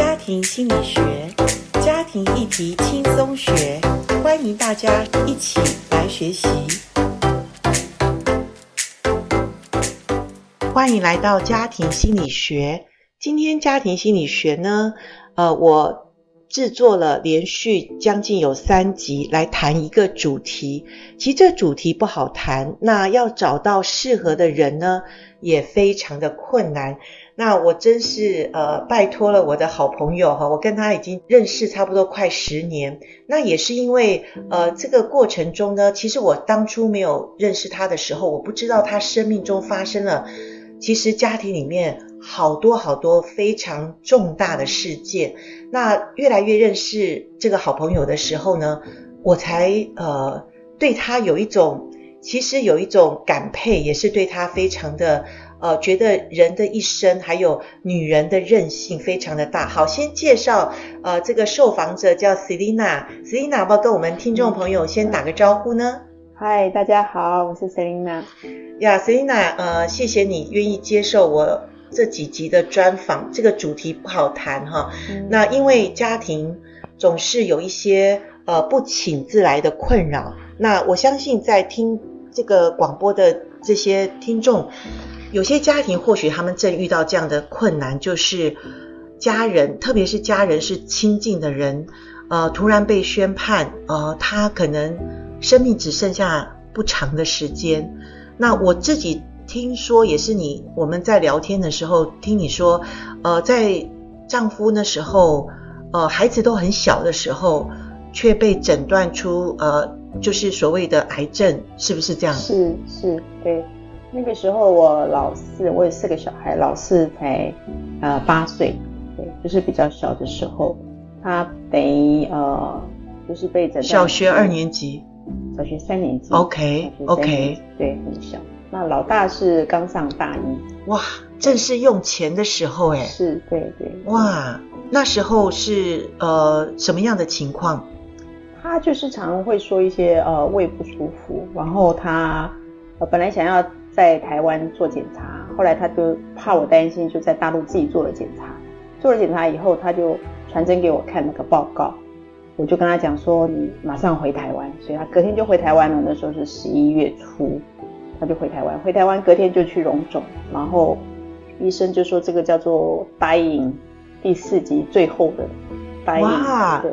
家庭心理學，家庭議題輕鬆學，歡迎大家一起來學習。歡迎來到家庭心理學。今天家庭心理學呢，呃，我制作了連續將近有三集來談一個主題。其實這主題不好談，那要找到適合的人呢，也非常的困難。那我真是呃，拜託了我的好朋友哈，我跟他已經認識差不多快十年。那也是因為呃，這個過程中呢，其實我當初沒有認識他的時候，我不知道他生命中發生了，其實家庭裡面好多好多非常重大的事件。那越來越認識這個好朋友的時候呢，我才呃，對他有一種其實有一種感佩，也是對他非常的。呃，覺得人的一生還有女人的韌性非常的大。好，先介紹呃，這個受訪者叫 Cilinna，Cilinna，要不要跟我們聽眾朋友、嗯、先打個招呼呢？嗨，大家好，我是 Cilinna。呀、yeah，Cilinna，呃，謝謝你願意接受我這幾集的專訪。這個主題不好談哈。嗯、那因為家庭總是有一些呃不請自來的困擾。那我相信在聽這個廣播的這些聽眾。有些家庭或許他們正遇到這樣的困難，就是家人，特別是家人是親近的人，呃，突然被宣判，呃，他可能生命只剩下不長的時間。那我自己聽說也是你，我們在聊天的時候聽你說，呃，在丈夫那時候，呃，孩子都很小的時候，卻被診斷出，呃，就是所謂的癌症，是不是這樣子？是，是對。那個時候我老四，我有四個小孩，老四才，呃八歲，對，就是比較小的時候，他等於呃就是被整。小學二年級，嗯，小學三年級，OK 年級 OK，對，很小。那老大是剛上大一，哇，正是用錢的時候哎，是對對。對哇，那時候是呃什麼樣的情況？他就是常會說一些呃胃不舒服，然後他，呃，本來想要。在台灣做檢查，後來他就怕我擔心，就在大陸自己做了檢查。做了檢查以後，他就傳真給我看那個報告，我就跟他講說，你馬上回台灣。所以他隔天就回台灣了。那時候是十一月初，他就回台灣。回台灣隔天就去榮總，然後醫生就說這個叫做白影第四期最後的白影。對。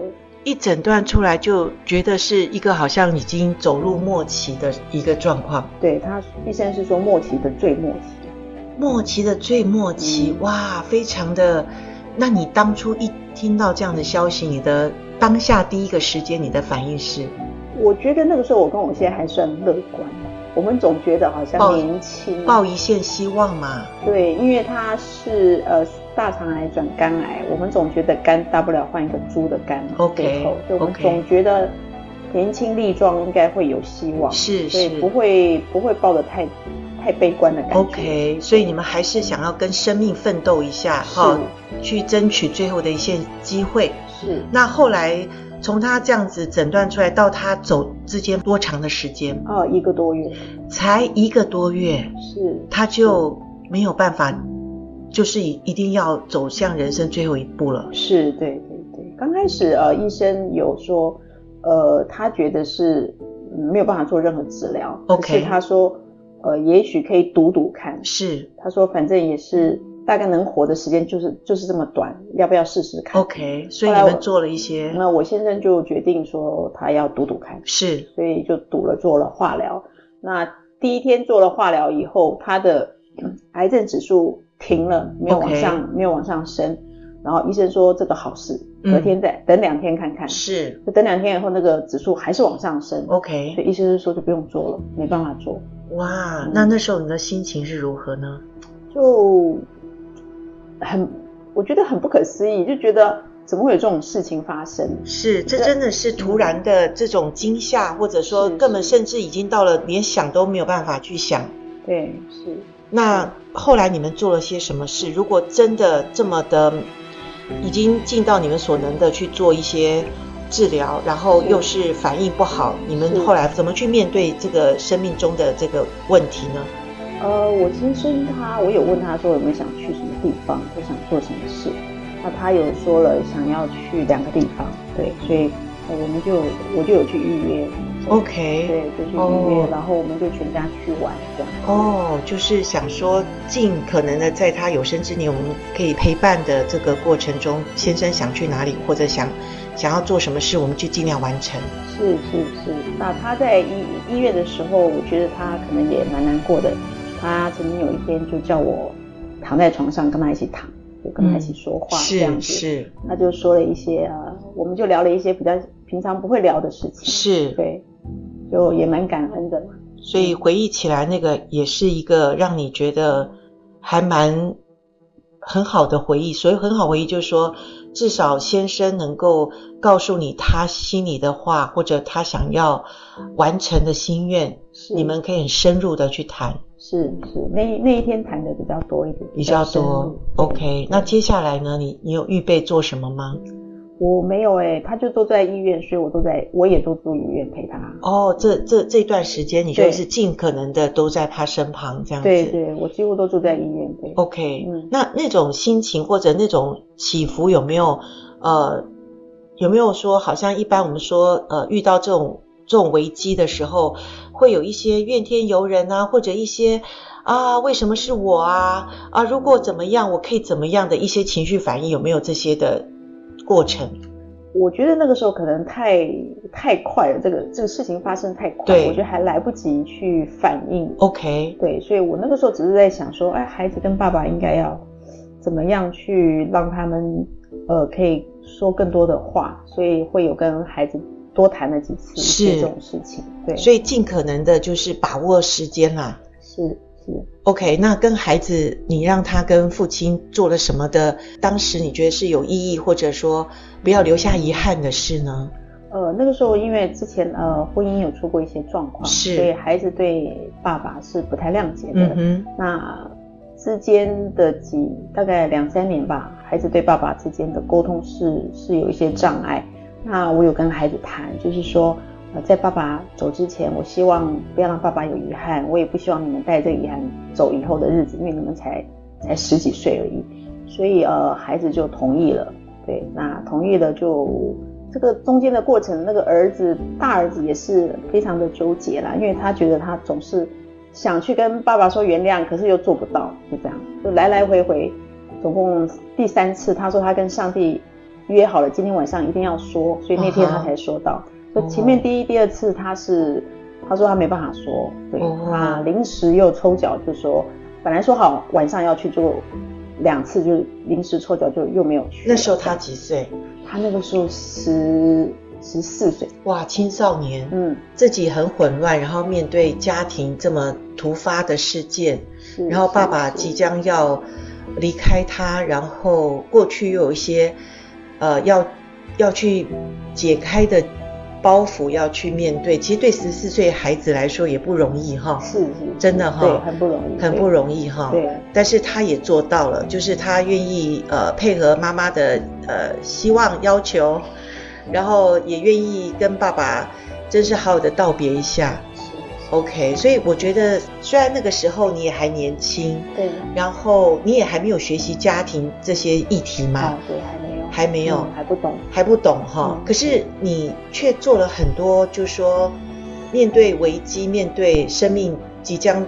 一診斷出來就覺得是一個好像已經走入末期的一個狀況。對，他醫生是說末期的最末期，末期的最末期，嗯、哇，非常的。那你當初一聽到這樣的消息，嗯、你的當下第一個時間，你的反應是？我覺得那個時候我跟我先生還算樂觀，我們總覺得好像年輕，抱，抱一線希望嘛。對，因為他是呃。大腸癌轉肝癌，我們總覺得肝大不了換一個豬的肝 OK，後就總覺得年輕力壯應該會有希望，是，不會是不會抱得太太悲觀的感覺。OK，所以你們還是想要跟生命奮鬥一下，哈是、哦，去爭取最後的一線機會。是。那後來從他這樣子診斷出來到他走之間多長的時間？啊、哦，一個多月。才一個多月。嗯、是。他就沒有辦法。就是一一定要走向人生最後一步了。是，對對對。剛開始呃，醫生有說，呃，他覺得是沒有辦法做任何治療。OK。所以他說，呃，也許可以賭賭看。是。他說反正也是大概能活的時間就是就是這麼短，要不要試試看？OK。所以你們做了一些。那我先生就決定說他要賭賭看。是。所以就賭了，做了化療。那第一天做了化療以後，他的癌症指數。停了，沒有往上，沒有往上升。然後醫生說這個好事，隔天再等兩天看看。是，就等兩天以後那個指數還是往上升。OK。醫生就說就不用做了，沒辦法做。哇，那那時候你的心情是如何呢？就很，我覺得很不可思議，就覺得怎麼會有這種事情發生？是，這真的是突然的這種驚嚇，或者說根本甚至已經到了連想都沒有辦法去想。對，是。那後來你們做了些什麼事？如果真的這麼的，已經盡到你們所能的去做一些治療，然後又是反應不好，你們後來怎麼去面對這個生命中的這個問題呢？呃，我先生他，我有問他說有沒有想去什麼地方，他想做什麼事。那他，他有說了想要去兩個地方，對，所以我們就我就有去預約。OK，對，就是音樂，哦、然後我們就全家去玩這樣。哦，就是想說，盡可能的在他有生之年，我們可以陪伴的這個過程中，先生想去哪裡或者想想要做什麼事，我們就盡量完成。是是是。那他在醫醫院的時候，我覺得他可能也蠻難過的。他曾經有一天就叫我躺在床上跟他一起躺，就跟他一起說話這樣子是、嗯、是。是他就說了一些啊、呃，我們就聊了一些比較平常不會聊的事情。是。對。就也蠻感恩的嘛、嗯。所以回憶起來，那個也是一個讓你覺得還蠻很好的回憶。所以很好回憶就是說，至少先生能夠告訴你他心裡的話，或者他想要完成的心願，是你們可以很深入的去談。是是，那一那一天談的比較多一點。比較多，OK。那接下來呢，你你有預備做什麼嗎？我沒有哎、欸，他就都在醫院，所以我都在，我也都住醫院陪他。哦，這這這段時間你就是盡可能的都在他身旁這樣子。對對，我幾乎都住在醫院。對。OK，嗯，那那種心情或者那種起伏有沒有呃，有沒有說好像一般我們說呃遇到這種這種危機的時候會有一些怨天尤人啊，或者一些啊為什麼是我啊，啊如果怎麼樣我可以怎麼樣的一些情緒反應，有沒有這些的？過程，我覺得那個時候可能太太快了，這個這個事情發生太快，對我覺得還來不及去反應。OK，對，所以我那個時候只是在想說，哎，孩子跟爸爸應該要怎麼樣去讓他們，呃，可以說更多的話，所以會有跟孩子多談了幾次，是這種事情。對，所以盡可能的就是把握時間啦。是。OK，那跟孩子，你讓他跟父親做了什麼的？當時你覺得是有意義，或者說不要留下遺憾的事呢？呃，那個時候因為之前呃婚姻有出過一些狀況，是，所以孩子對爸爸是不太諒解的。嗯哼，那之間的幾，大概兩三年吧，孩子對爸爸之間的溝通是是有一些障礙。那我有跟孩子談，就是說，在爸爸走之前，我希望不要讓爸爸有遺憾。我也不希望你們帶著遺憾走以後的日子，因為你們才才十幾歲而已。所以呃，孩子就同意了。對，那同意了，就這個中間的過程，那個兒子大兒子也是非常的糾結啦，因為他覺得他總是想去跟爸爸說原諒，可是又做不到，就這樣就來來回回。總共第三次，他說他跟上帝約好了，今天晚上一定要說，所以那天他才說到。哦前面第一、第二次他是，他說他沒辦法說，對，哦哦，他臨時又抽腳，就說本來說好晚上要去做兩次，就臨時抽腳就又沒有去。那時候他幾歲？他那個時候十十四歲。哇，青少年，嗯，自己很混亂，然後面對家庭這麼突發的事件，是然後爸爸即將要離開他，然後過去又有一些呃要要去解開的。包袱要去面對，其實對十四歲孩子來說也不容易哈，是，是，真的哈，對，很不容易，對很不容易哈。對、啊。但是他也做到了，啊、就是他願意呃、啊、配合媽媽的呃希望要求，然後也願意跟爸爸真是好好的道別一下，是是是是，OK。所以我覺得雖然那個時候你也還年輕，對、啊，然後你也還沒有學習家庭這些議題嗎？還沒有、嗯，還不懂，還不懂哈。嗯、可是你卻做了很多，就是說面對危機，面對生命即將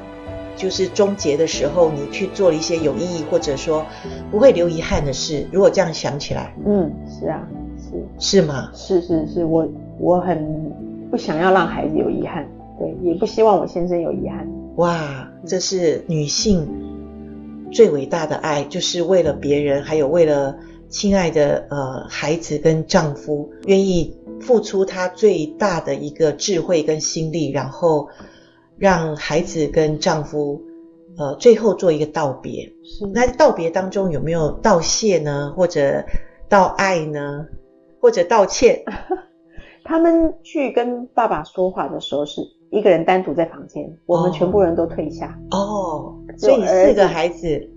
就是終結的時候，你去做了一些有意義或者說不會留遺憾的事。如果這樣想起來，嗯，是啊，是是嗎？是是是，我我很不想要讓孩子有遺憾，對，也不希望我先生有遺憾。哇，這是女性最偉大的愛，就是為了別人，還有為了。親愛的，呃，孩子跟丈夫願意付出他最大的一個智慧跟心力，然後讓孩子跟丈夫，呃，最後做一個道別。是的。那道別當中有沒有道謝呢？或者道愛呢？或者道歉？他們去跟爸爸說話的時候，是一個人單獨在房間，哦、我們全部人都退下。哦。所以四個孩子。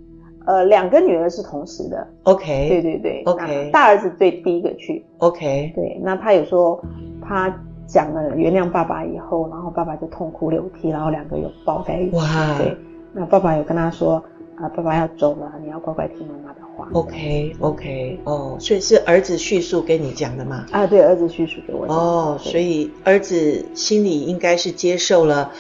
呃，兩個女兒是同時的，OK，對對對，OK。大兒子對第一個去，OK，對，那他有說他講了原諒爸爸以後，然後爸爸就痛哭流涕，然後兩個有抱在一起。哇，對，那爸爸有跟他說，啊、呃，爸爸要走了，你要乖乖聽媽媽的話，OK，OK，哦，所以是兒子敘述給你講的嗎？啊，對，兒子敘述給我。哦、oh, 對，所以兒子心裡應該是接受了。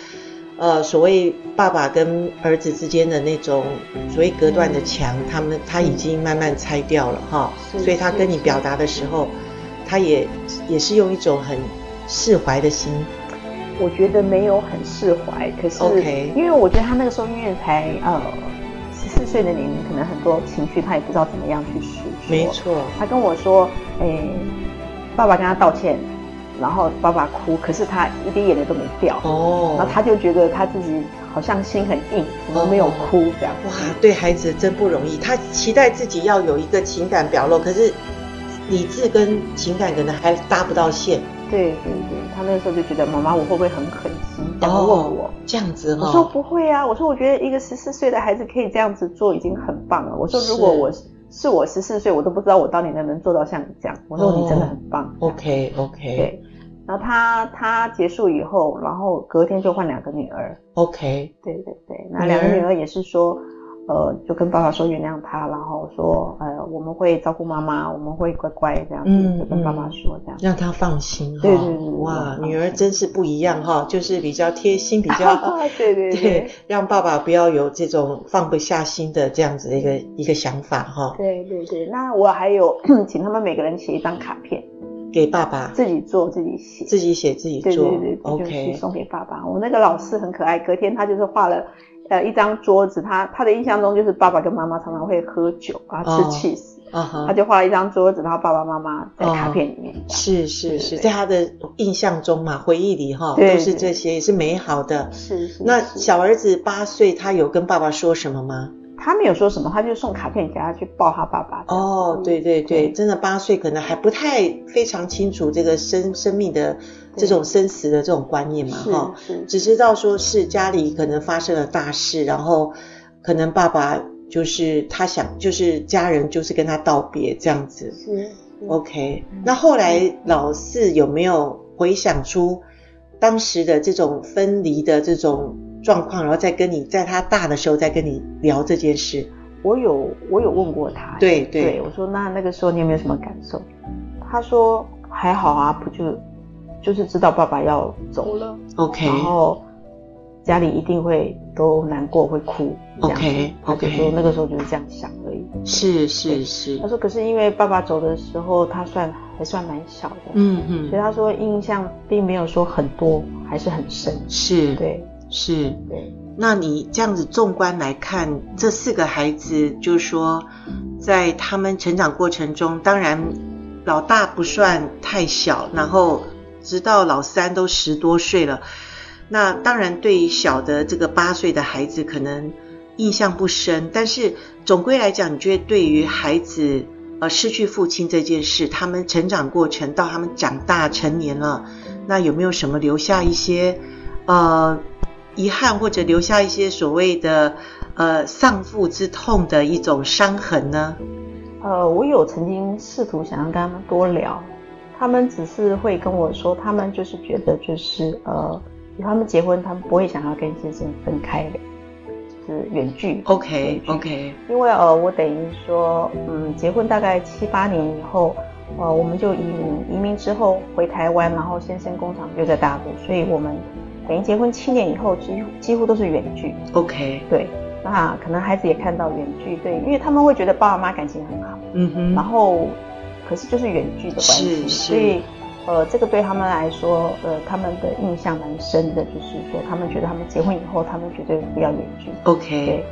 呃，所謂爸爸跟兒子之間的那種所謂隔斷的牆，嗯、他們他已經慢慢拆掉了哈，所以他跟你表達的時候，他也也是用一種很釋懷的心。我覺得沒有很釋懷，可是，OK，因為我覺得他那個時候因為才呃十四歲的年齡，可能很多情緒他也不知道怎麼樣去訴說。沒錯，他跟我說，哎，爸爸跟他道歉。然後爸爸哭，可是他一滴眼淚都沒掉哦。然後他就覺得他自己好像心很硬，怎麼、哦、沒有哭這樣？哇，對孩子真不容易。他期待自己要有一個情感表露，可是理智跟情感可能還搭不到線。對對對，他那時候就覺得媽媽我會不會很狠心？然後問我、哦、這樣子、哦，我說不會啊。我說我覺得一個十四歲的孩子可以這樣子做已經很棒了。我說如果我。是是我十四歲，我都不知道我到底能不能做到像你這樣。我說你真的很棒。Oh, OK OK。對，然後他他結束以後，然後隔天就換兩個女兒。OK。對對對，那兩個女兒也是說，嗯、呃，就跟爸爸說原諒他，然後說、嗯我們會照顧媽媽，我們會乖乖這樣子跟爸爸說，這樣讓他放心。對對對，哇，女兒真是不一樣哈，就是比較貼心，比較對對對，讓爸爸不要有這種放不下心的這樣子的一個一個想法哈。對對對，那我還有請他們每個人寫一張卡片給爸爸，自己做自己寫，自己寫自己做，對對對，OK，送給爸爸。我那個老師很可愛，隔天他就是畫了。一張桌子，他他的印象中就是爸爸跟媽媽常常會喝酒啊，oh, 吃起司。啊 e 他就畫了一張桌子，huh. 然後爸爸媽媽在卡片裡面。Oh, 這樣是是是，是對對，在他的印象中嘛，回憶裡哈、哦、都是這些，也是美好的。是，是是。那小兒子八歲，他有跟爸爸說什麼嗎？他沒有說什麼，他就送卡片給他去抱他爸爸。哦，對對對，對真的八歲可能還不太非常清楚這個生生命的這種生死的這種觀念嘛，哈，只知道說是家裡可能發生了大事，然後可能爸爸就是他想就是家人就是跟他道別這樣子。是，OK。那後來老四有沒有回想出當時的這種分離的這種狀況，然後再跟你，在他大的時候再跟你聊這件事。我有，我有問過他對。對對，我說那那個時候你有沒有什麼感受？他說還好啊，不就就是知道爸爸要走了。OK。然後家裡一定會都難過，會哭。OK OK。他就說那個時候就是這樣想而已。是是是。他說可是因為爸爸走的時候他算還算蠻小的，嗯嗯哼。所以他說印象並沒有說很多，還是很深。是。對。是，那你這樣子縱觀來看，這四個孩子就是說，就說在他們成長過程中，當然老大不算太小，然後直到老三都十多歲了，那當然對於小的這個八歲的孩子可能印象不深，但是總歸來講，你覺得對於孩子呃失去父親這件事，他們成長過程到他們長大成年了，那有沒有什麼留下一些呃？遺憾或者留下一些所謂的呃喪父之痛的一種傷痕呢？呃，我有曾經試圖想要跟他們多聊，他們只是會跟我說，他們就是覺得就是呃，他們結婚，他們不會想要跟先生分開，就是遠距。OK 遠距 OK，因為呃，我等於說嗯，結婚大概七八年以後，呃，我們就移民，移民之後回台灣，然後先生工廠就在大陸，所以我們。等於結婚七年以後，幾幾乎都是遠距。OK，對，那可能孩子也看到遠距，對，因為他們會覺得爸爸媽媽感情很好。嗯哼。然後，可是就是遠距的關係，是是。所以，呃，這個對他們來說，呃，他們的印象蠻深的，就是說他們覺得他們結婚以後，他們絕對不要遠距。OK，對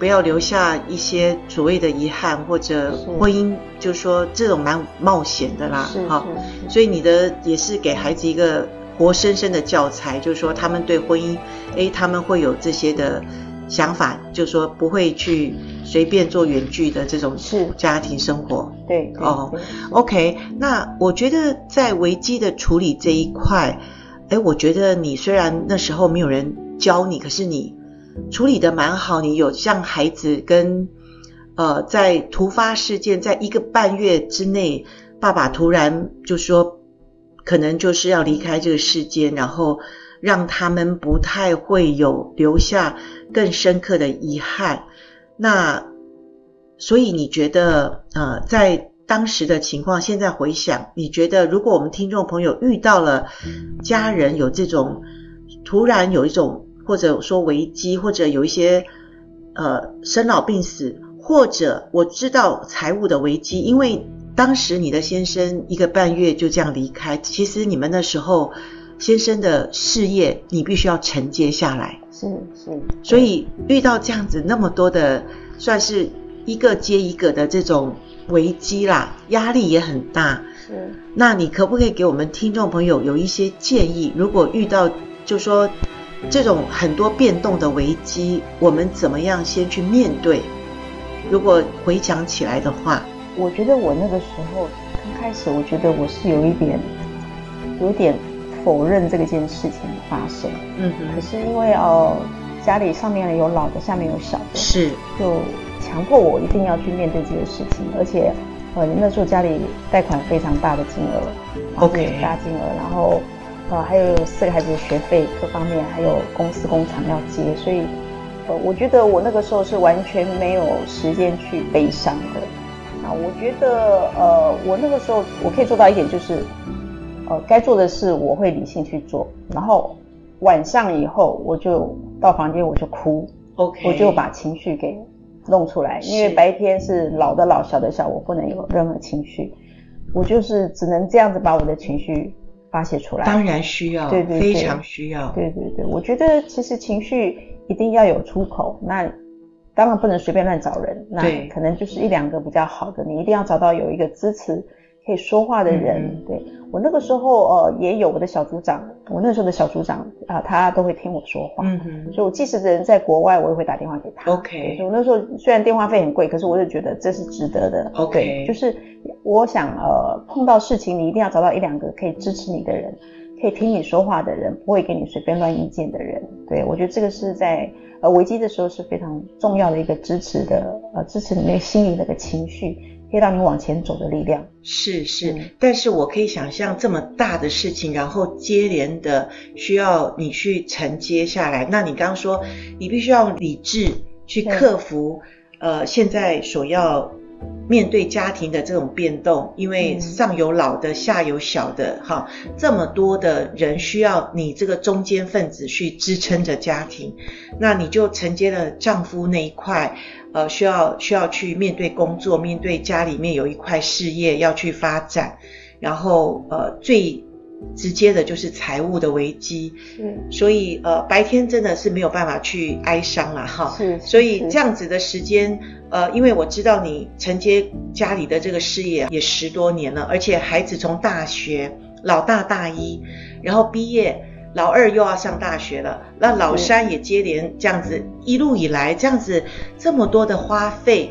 不要留下一些所謂的遺憾或者婚姻，是就是說這種蠻冒險的啦。是是，是，是。所以你的也是給孩子一個。活生生的教材，就是說他們對婚姻，誒，他們會有這些的想法，就是說不會去隨便做遠距的這種家庭生活。對，哦，OK，嗯。那我覺得在危機的處理這一塊，誒，我覺得你雖然那時候沒有人教你，可是你處理的蠻好，你有像孩子跟呃，在突發事件，在一個半月之內，爸爸突然就說。可能就是要離開這個世間，然後讓他們不太會有留下更深刻的遺憾。那所以你覺得，呃，在當時的情況，現在回想，你覺得如果我們聽眾朋友遇到了家人有這種突然有一種，或者說危機，或者有一些呃生老病死，或者我知道財務的危機，因為。當時你的先生一個半月就這樣離開，其實你們那時候先生的事業你必須要承接下來，是是，是，所以遇到這樣子那麼多的算是一個接一個的這種危機啦，壓力也很大。是，那你可不可以給我們聽眾朋友有一些建議？如果遇到就說這種很多變動的危機，我們怎麼樣先去面對？如果回想起來的話。我覺得我那個時候剛開始，我覺得我是有一點，有一點否認這件事情發生。嗯哼。可是因為哦、呃，家裡上面有老的，下面有小的，是就強迫我一定要去面對這些事情。而且，呃，那時候家裡貸款非常大的金額，OK 大金額，然後，呃，還有四個孩子的學費各方面，還有公司工廠要接，所以，呃，我覺得我那個時候是完全沒有時間去悲傷的。啊，我覺得，呃，我那個時候我可以做到一點，就是，呃，該做的事我會理性去做，然後晚上以後我就到房間我就哭，OK，我就把情緒給弄出來，是因為白天是老的老小的小，我不能有任何情緒，我就是只能這樣子把我的情緒發洩出來，當然需要，對對對，非常需要，對對對對，我覺得其實情緒一定要有出口，那。當然不能隨便亂找人，那可能就是一兩個比較好的，對，你一定要找到有一個支持可以說話的人。嗯嗯，對，我那個時候，呃，也有我的小組長，我那時候的小組長啊、呃，他都會聽我說話，嗯嗯，所以我即使人在國外，我也會打電話給他。OK，所以我那時候雖然電話費很貴，嗯、可是我就覺得這是值得的。OK，就是我想呃，碰到事情你一定要找到一兩個可以支持你的人。可以聽你說話的人，不會給你隨便亂意見的人，對，我覺得這個是在呃危機的時候是非常重要的一個支持的，呃支持你那個心理那個情緒，可以讓你往前走的力量。是是，嗯，但是我可以想象這麼大的事情，然後接連的需要你去承接下來。那你剛剛說，你必須要理智去克服，對呃，現在所要。面對家庭的這種變動，因為上有老的，下有小的，哈，這麼多的人需要你這個中間分子去支撐着家庭，那你就承接了丈夫那一塊，呃，需要需要去面對工作，面對家裡面有一塊事業要去發展，然後，呃，最。直接的就是財務的危機，嗯是，所以呃白天真的是沒有辦法去哀傷了哈，是，所以這樣子的時間，呃，因為我知道你承接家裡的這個事業也十多年了，而且孩子從大學老大大一然後畢業，老二又要上大學了，那老三也接連這樣子一路以來這樣子這麼多的花費，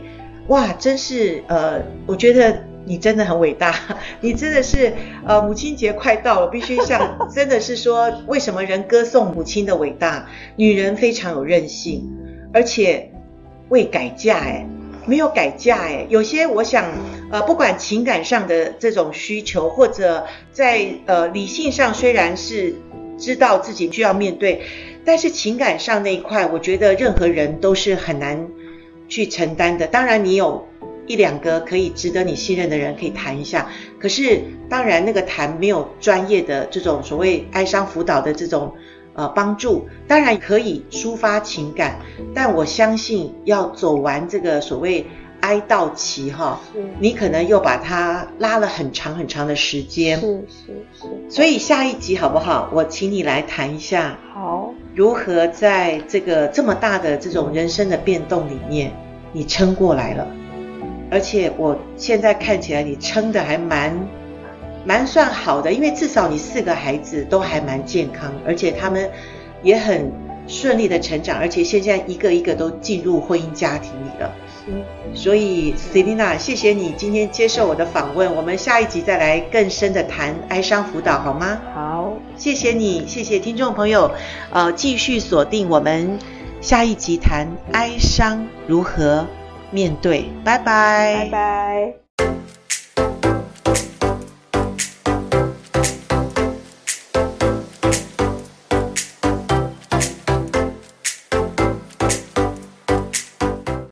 哇，真是呃，我覺得。你真的很偉大，你真的是，呃，母親節快到了，必須像真的是說，為什麼人歌頌母親的偉大？女人非常有韌性，而且未改嫁、欸，哎，沒有改嫁、欸，哎，有些我想，呃，不管情感上的這種需求，或者在呃理性上雖然是知道自己需要面對，但是情感上那一塊，我覺得任何人都是很難去承擔的。當然，你有。一兩個可以值得你信任的人可以談一下，可是當然那個談沒有專業的這種所謂哀傷輔導的這種呃幫助，當然可以抒發情感，但我相信要走完這個所謂哀悼期哈、哦，是你可能又把它拉了很長很長的時間。是是是，所以下一集好不好？我請你來談一下，好，如何在這個這麼大的這種人生的變動裡面，你撐過來了？而且我現在看起來你撐的還蠻，蠻算好的，因為至少你四個孩子都還蠻健康，而且他們也很順利的成長，而且現在一個一個都進入婚姻家庭裡了。嗯是，所以 Cilinna，謝謝你今天接受我的訪問，我們下一集再來更深的談哀傷輔導，好嗎？好，謝謝你，謝謝聽眾朋友，呃，繼續鎖定我們下一集談哀傷如何。面對，拜拜，拜拜。